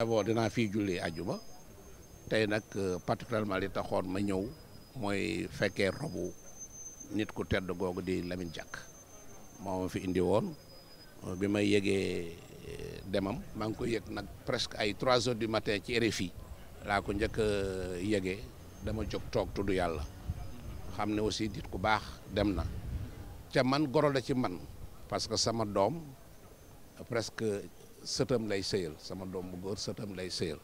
d'abord dinaa fi julli ajuma tey nag euh, particulièrement li taxoon ma ñëw mooy fekkee robu nit ku tedd googu di Lamine Diack moo fi indi woon euh, bi may yëgee euh, demam maa ngi ko yëg nag presque ay trois heures du matin ci RFI laa ko njëkk a yëgee dama jog toog tudd yàlla xam ne aussi nit ku baax dem na ca man goro la ci man parce que sama doom presque sëtam lay sëyal sama doom bu góor sëtam lay sëyal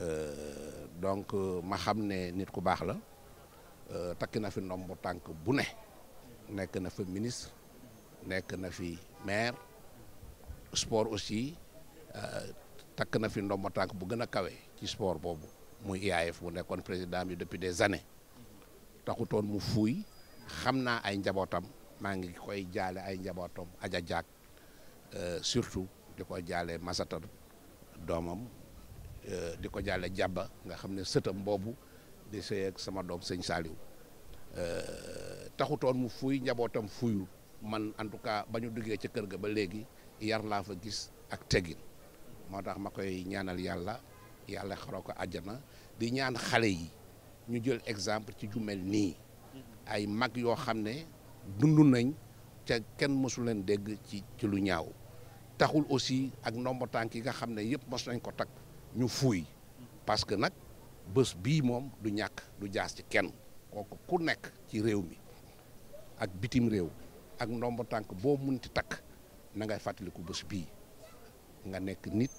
euh, donc ma xam ne nit ku baax la euh, takki na fi ndombu tànk bu ne nekk na fi ministre nekk na fi maire sport aussi euh, takk na fi ndombu tànk bu gën a kawe ci sport boobu muy IAAF mu nekkoon président bi depuis des années taxutoon mu fuuy xam naa ay njabootam maa ngi koy jaale ay njabootam aja jaag surtout di ko jaale masatar doomam euh, di ko jaale jàbba nga xam ne sëtam boobu di sëy ak sama doom sëñ Saliou euh, taxutoon mu fuy njabootam fuyu man en tout cas ba ñu duggee ca kër ga ba léegi yar laa fa gis ak teggin moo tax ma koy ñaanal yàlla yàlla xaroo ko àjjana di ñaan xale yi ñu jël exemple ci ju mel nii ay mag yoo xam ne dundu nañ te kenn mësu leen dégg ci ci lu ñaaw taxul aussi ak ndombo tànk yi nga xam ne yëpp mos nañ ko takk ñu fuuy parce que nag bés bii moom du ñàkk du jaas ci kenn kooku ku nekk ci réew mi ak bitim réew ak ndombo tànk boo ti takk nangay ngay fàttaliku bés bii nga nekk nit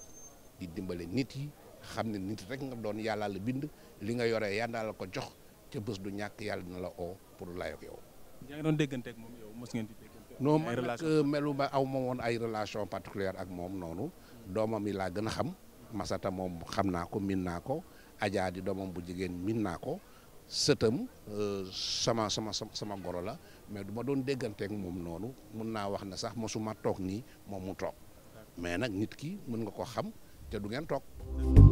di dimbale nit yi xam ne nit rek nga doon yàlla la bind li nga yoree yàlla la ko jox ca bés du ñàkk yàlla dina la oo pour layoog yow. yow non man euh, melu ma aw ma woon ay relation particulière ak moom noonu doomam yi laa gën a xam Masata moom xam naa ko miin naa ko Adja di doomam bu jigéen min naa ko sëtam euh, sama sama sama goro la mais du ma doon dégganteek moom noonu mun naa wax ne sax mosuma toog nii moom mu toog mais nag nit ki mën nga ko xam te du ngeen toog